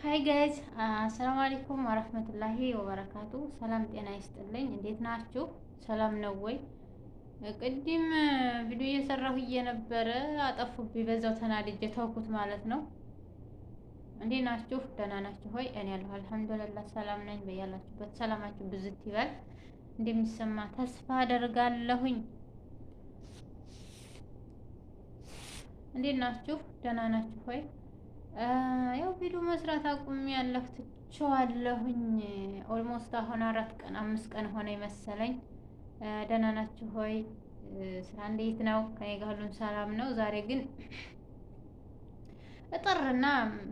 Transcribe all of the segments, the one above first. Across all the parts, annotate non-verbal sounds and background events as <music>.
ሀይ ጋይዝ አሰላሙ አለይኩም ወረህመቱላሂ ወበረካቱ። ሰላም ጤና ይስጥልኝ። እንዴት ናችሁ? ሰላም ነው ወይ? ቅድም ቪዲዮ እየሰራሁ እየነበረ አጠፉብኝ። በዛው ተናድጄ ተውኩት ማለት ነው። እንዴት ናችሁ? ደህና ናችሁ ሆይ? እኔ ያለሁ አልሐምዱሊላህ ሰላም ነኝ። በያላችሁበት ሰላማችሁ ብዝት ይበል እንደሚሰማ ተስፋ አደርጋለሁኝ። እንዴት ናችሁ? ደህና ናችሁ ሆይ? ያው ቪዲዮ መስራት አቁም ያለሁ ትቼዋለሁኝ። ኦልሞስት አሁን አራት ቀን አምስት ቀን ሆነ መሰለኝ። ደህና ናችሁ ሆይ? ስራ እንዴት ነው? ከኔ ጋር ሁሉም ሰላም ነው። ዛሬ ግን እጥርና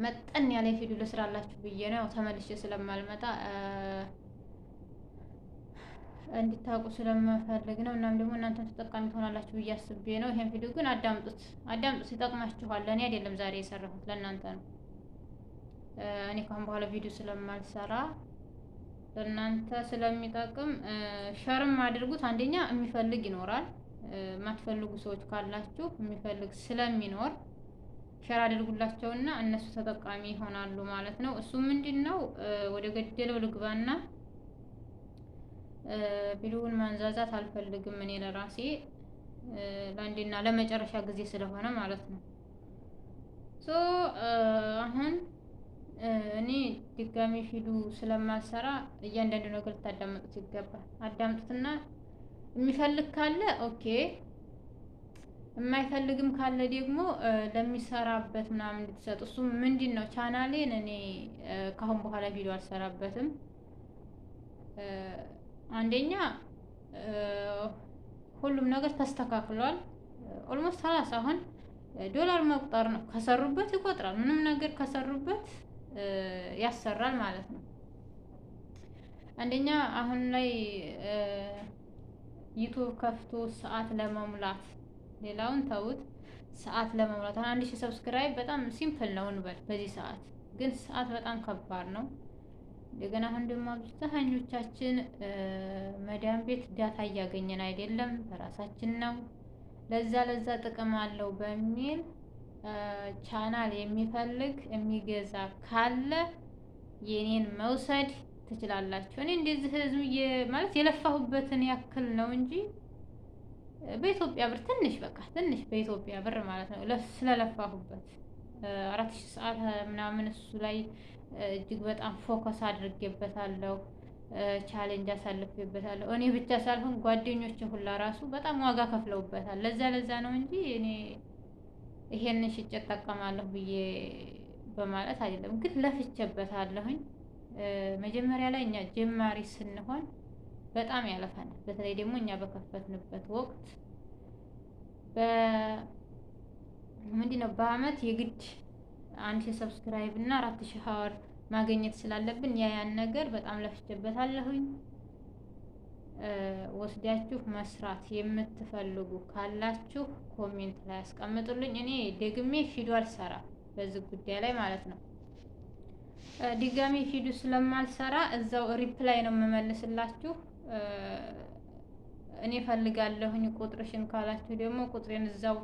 መጠን ያለ ቪዲዮ ልስራላችሁ ብዬ ነው ተመልሼ ስለማልመጣ እንድታውቁ ስለምፈልግ ነው። እናም ደግሞ እናንተም ተጠቃሚ ትሆናላችሁ ብዬ አስቤ ነው። ይሄን ቪዲዮ ግን አዳምጡት፣ አዳምጡት፣ ይጠቅማችኋል። ለእኔ አይደለም ዛሬ የሰራሁት ለእናንተ ነው። እኔ ካሁን በኋላ ቪዲዮ ስለማልሰራ ለእናንተ ስለሚጠቅም ሸርም አድርጉት። አንደኛ የሚፈልግ ይኖራል፣ የማትፈልጉ ሰዎች ካላችሁ የሚፈልግ ስለሚኖር ሸር አድርጉላቸውና እነሱ ተጠቃሚ ይሆናሉ ማለት ነው። እሱ ምንድን ነው ወደ ገደለው ልግባና ቪዲዮውን ማንዛዛት አልፈልግም እኔ ለራሴ ለአንዴና ለመጨረሻ ጊዜ ስለሆነ ማለት ነው። ሶ አሁን እኔ ድጋሚ ፊዱ ስለማሰራ እያንዳንዱ ነገር ልታዳምጡት ይገባል። አዳምጡትና የሚፈልግ ካለ ኦኬ፣ የማይፈልግም ካለ ደግሞ ለሚሰራበት ምናምን እንድትሰጡ። እሱም ምንድን ነው ቻናሌን እኔ ከአሁን በኋላ ቪዲዮ አልሰራበትም። አንደኛ ሁሉም ነገር ተስተካክሏል። ኦልሞስት ሰላሳ አሁን ዶላር መቁጠር ነው። ከሰሩበት ይቆጥራል። ምንም ነገር ከሰሩበት ያሰራል ማለት ነው። አንደኛ አሁን ላይ ዩቱብ ከፍቶ ሰዓት ለመሙላት ሌላውን ተውት፣ ሰዓት ለመሙላት አንድ ሺህ ሰብስክራይብ በጣም ሲምፕል ነው እንበል። በዚህ ሰዓት ግን ሰዓት በጣም ከባድ ነው። እንደገና አሁን ደግሞ አብዛኞቻችን መዳን ቤት ዳታ እያገኘን አይደለም፣ በራሳችን ነው። ለዛ ለዛ ጥቅም አለው በሚል ቻናል የሚፈልግ የሚገዛ ካለ የኔን መውሰድ ትችላላችሁ። እኔ እንደዚህ ህዝብ ማለት የለፋሁበትን ያክል ነው እንጂ በኢትዮጵያ ብር ትንሽ በቃ ትንሽ በኢትዮጵያ ብር ማለት ነው ስለለፋሁበት አራት ሺህ ሰዓት ምናምን እሱ ላይ እጅግ በጣም ፎከስ አድርጌበታለሁ። ቻሌንጅ አሳልፌበታለሁ። እኔ ብቻ ሳልሆን ጓደኞች ሁላ ራሱ በጣም ዋጋ ከፍለውበታል። ለዛ ለዛ ነው እንጂ እኔ ይሄንን ሽጭ እጠቀማለሁ ብዬ በማለት አይደለም፣ ግን ለፍቼበታለሁኝ። መጀመሪያ ላይ እኛ ጀማሪ ስንሆን በጣም ያለፈናል። በተለይ ደግሞ እኛ በከፈትንበት ወቅት ምንድን ነው በአመት የግድ አንድ ሺህ ሰብስክራይብ እና አራት ሺህ ሀወር ማግኘት ስላለብን ያ ያን ነገር በጣም ለፍቼበታለሁኝ። ወስዳችሁ መስራት የምትፈልጉ ካላችሁ ኮሜንት ላይ ያስቀምጡልኝ። እኔ ደግሜ ፊዱ አልሰራ በዚህ ጉዳይ ላይ ማለት ነው። ድጋሚ ፊዱ ስለማልሰራ እዛው ሪፕላይ ነው የምመልስላችሁ። እኔ ፈልጋለሁኝ ቁጥርሽን ካላችሁ ደግሞ ቁጥሬን እዛው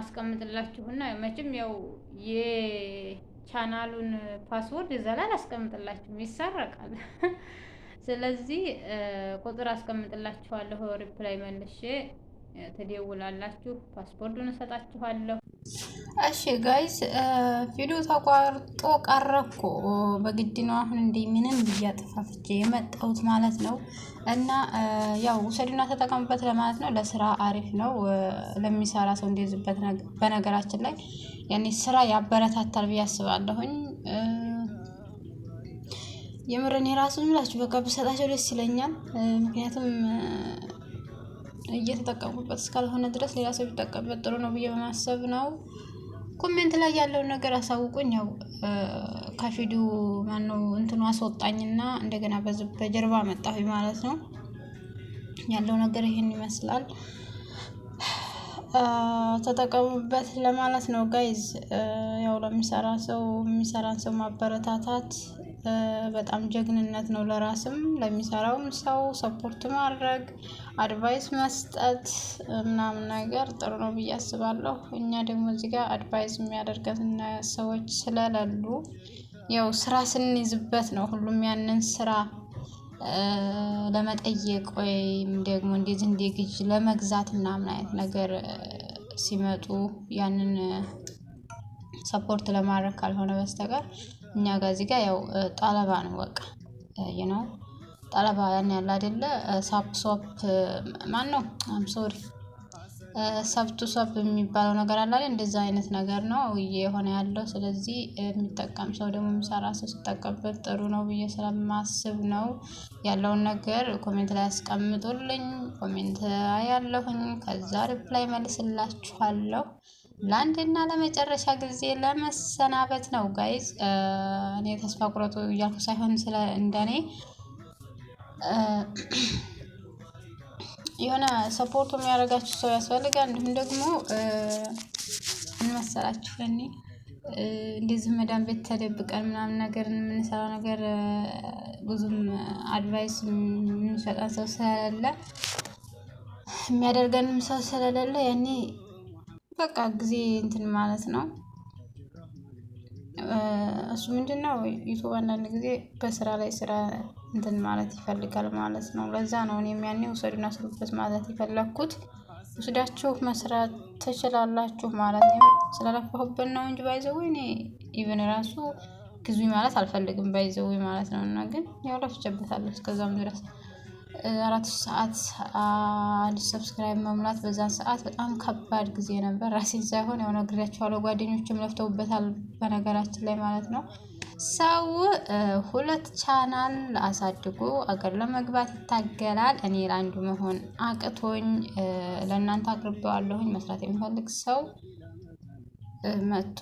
አስቀምጥላችሁና መቼም ያው የቻናሉን ፓስወርድ እዛ ላይ አላስቀምጥላችሁም፣ ይሰረቃል። <laughs> ስለዚህ ቁጥር አስቀምጥላችኋለሁ። ሪፕላይ መልሼ ትደውላላችሁ፣ ፓስፖርዱን እሰጣችኋለሁ። እሺ ጋይስ ቪዲዮ ተቋርጦ ቀረ እኮ በግድ ነው። አሁን እንዴ ምንም ብያጠፋፍቼ የመጣሁት ማለት ነው። እና ያው ውሰዱና ተጠቀሙበት ለማለት ነው። ለስራ አሪፍ ነው ለሚሰራ ሰው እንዲይዝበት። በነገራችን ላይ ያኔ ስራ ያበረታታል ብዬ አስባለሁኝ። የምርን የራሱ ምላችሁ በቃ ብሰጣቸው ደስ ይለኛል ምክንያቱም እየተጠቀሙበት እስካልሆነ ድረስ ሌላ ሰው ቢጠቀምበት ጥሩ ነው ብዬ በማሰብ ነው። ኮሜንት ላይ ያለውን ነገር አሳውቁኝ። ያው ከፊዱ ማነው እንትኑ አስወጣኝና እንደገና በጀርባ መጣሁ ማለት ነው። ያለው ነገር ይህን ይመስላል። ተጠቀሙበት ለማለት ነው ጋይዝ። ያው ለሚሰራ ሰው የሚሰራን ሰው ማበረታታት በጣም ጀግንነት ነው። ለራስም ለሚሰራውም ሰው ሰፖርት ማድረግ፣ አድቫይስ መስጠት ምናምን ነገር ጥሩ ነው ብዬ አስባለሁ። እኛ ደግሞ እዚህ ጋር አድቫይስ የሚያደርገን ሰዎች ስለሌሉ ያው ስራ ስንይዝበት ነው ሁሉም ያንን ስራ ለመጠየቅ ወይም ደግሞ እንደዚህ እንደ ግዥ ለመግዛት ምናምን አይነት ነገር ሲመጡ ያንን ሰፖርት ለማድረግ ካልሆነ በስተቀር እኛ ጋር እዚህ ጋር ያው ጣለባ ነው በቃ ነው ጣለባ ያን ያለ አይደለ ሳፕ ሶፕ ማን ነው አም ሶሪ ሰብቱ ሶፕ የሚባለው ነገር አላለ አይደል? እንደዛ አይነት ነገር ነው የሆነ ያለው። ስለዚህ የሚጠቀም ሰው ደግሞ የሚሰራ ሰው ሲጠቀምበት ጥሩ ነው ብዬ ስለማስብ ነው ያለውን ነገር ኮሜንት ላይ ያስቀምጡልኝ። ኮሜንት ያለሁኝ ከዛ ሪፕላይ መልስላችኋለሁ። ለአንድና ለመጨረሻ ጊዜ ለመሰናበት ነው ጋይዝ። እኔ ተስፋ ቁረጡ እያልኩ ሳይሆን ስለ እንደኔ የሆነ ሰፖርቱ የሚያደርጋችሁ ሰው ያስፈልጋል። እንዲሁም ደግሞ እንመሰላችሁ እኔ እንደዚህ መዳን ቤት ተደብቀን ምናምን ነገር የምንሰራው ነገር ብዙም አድቫይስ የሚሰጠን ሰው ስለሌለ የሚያደርገንም ሰው ስለሌለ ያኔ በቃ ጊዜ እንትን ማለት ነው። እሱ ምንድን ነው ዩቱብ አንዳንድ ጊዜ በስራ ላይ ስራ እንትን ማለት ይፈልጋል ማለት ነው። ለዛ ነው እኔም ያኔ ውሰዱና ስሩበት ማለት የፈለግኩት። ውስዳችሁ መስራት ትችላላችሁ ማለት ነው። ስለለፋሁበት ነው እንጂ ባይዘው እኔ ኢቨን ራሱ ግዙኝ ማለት አልፈልግም ባይዘው ማለት ነው። እና ግን ያው ለፍቼበታለሁ እስከዛም ድረስ አራት ሺህ ሰዓት ሰብስክራይብ መሙላት በዛን ሰዓት በጣም ከባድ ጊዜ ነበር። ራሴን ሳይሆን ያው ነግሬያቸዋለሁ። ጓደኞችም ለፍተውበታል በነገራችን ላይ ማለት ነው። ሰው ሁለት ቻናል አሳድጎ አገር ለመግባት ይታገላል። እኔ ለአንዱ መሆን አቅቶኝ ለእናንተ አቅርቤዋለሁኝ። መስራት የሚፈልግ ሰው መጥቶ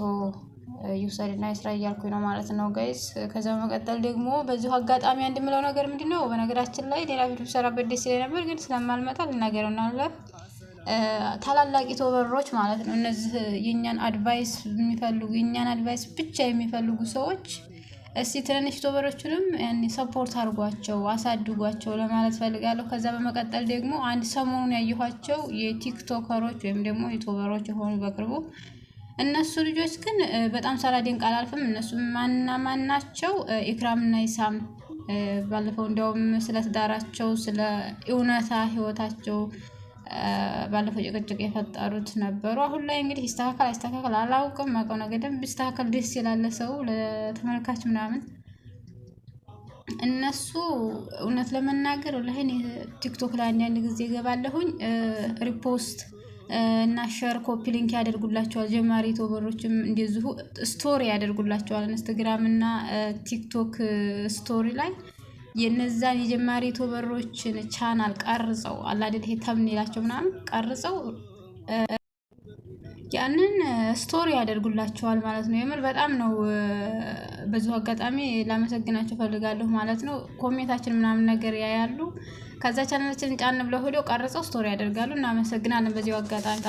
ይውሰድና ይስራ እያልኩኝ ነው ማለት ነው ጋይስ። ከዛ መቀጠል ደግሞ በዚሁ አጋጣሚ አንድ የምለው ነገር ምንድን ነው፣ በነገራችን ላይ ሌላ ቪዲዮ ብሰራበት ደስ ይለኝ ነበር፣ ግን ስለማልመጣ ልናገር እናለፍ። ታላላቂ ቶበሮች ማለት ነው እነዚህ የእኛን አድቫይስ የሚፈልጉ የእኛን አድቫይስ ብቻ የሚፈልጉ ሰዎች እስቲ ትንንሽ ዩቱበሮችንም ሰፖርት አድርጓቸው አሳድጓቸው ለማለት ፈልጋለሁ። ከዛ በመቀጠል ደግሞ አንድ ሰሞኑን ያየኋቸው የቲክቶከሮች ወይም ደግሞ የቶበሮች የሆኑ በቅርቡ እነሱ ልጆች ግን በጣም ሳላደንቅ አላልፍም። እነሱ ማንና ማን ናቸው? ኢክራምና ኢሳም ባለፈው እንዲያውም ስለ ትዳራቸው ስለ እውነታ ህይወታቸው ባለፈው ጭቅጭቅ የፈጠሩት ነበሩ። አሁን ላይ እንግዲህ ይስተካከል አይስተካከል አላውቅም። አቀው ነገር ደንብ ቢስተካከል ደስ ይላለ ሰው ለተመልካች ምናምን። እነሱ እውነት ለመናገር ወላሂ ቲክቶክ ላይ አንዳንድ ጊዜ ገባለሁኝ ሪፖስት እና ሸር ኮፒ ሊንክ ያደርጉላቸዋል። ጀማሪ ቶበሮችም እንደዚሁ ስቶሪ ያደርጉላቸዋል። ኢንስታግራም እና ቲክቶክ ስቶሪ ላይ የነዛን የጀማሪ ቶበሮችን ቻናል ቀርጸው አላደል ይሄ ተምኔላቸው ምናምን ቀርጸው ያንን ስቶሪ ያደርጉላቸዋል ማለት ነው። የምር በጣም ነው። በዚሁ አጋጣሚ ላመሰግናቸው ፈልጋለሁ ማለት ነው። ኮሜንታችን ምናምን ነገር ያያሉ። ከዛ ቻናላችን ጫን ብለው ሄዶ ቀርጸው ስቶሪ ያደርጋሉ። እናመሰግናለን በዚሁ አጋጣሚ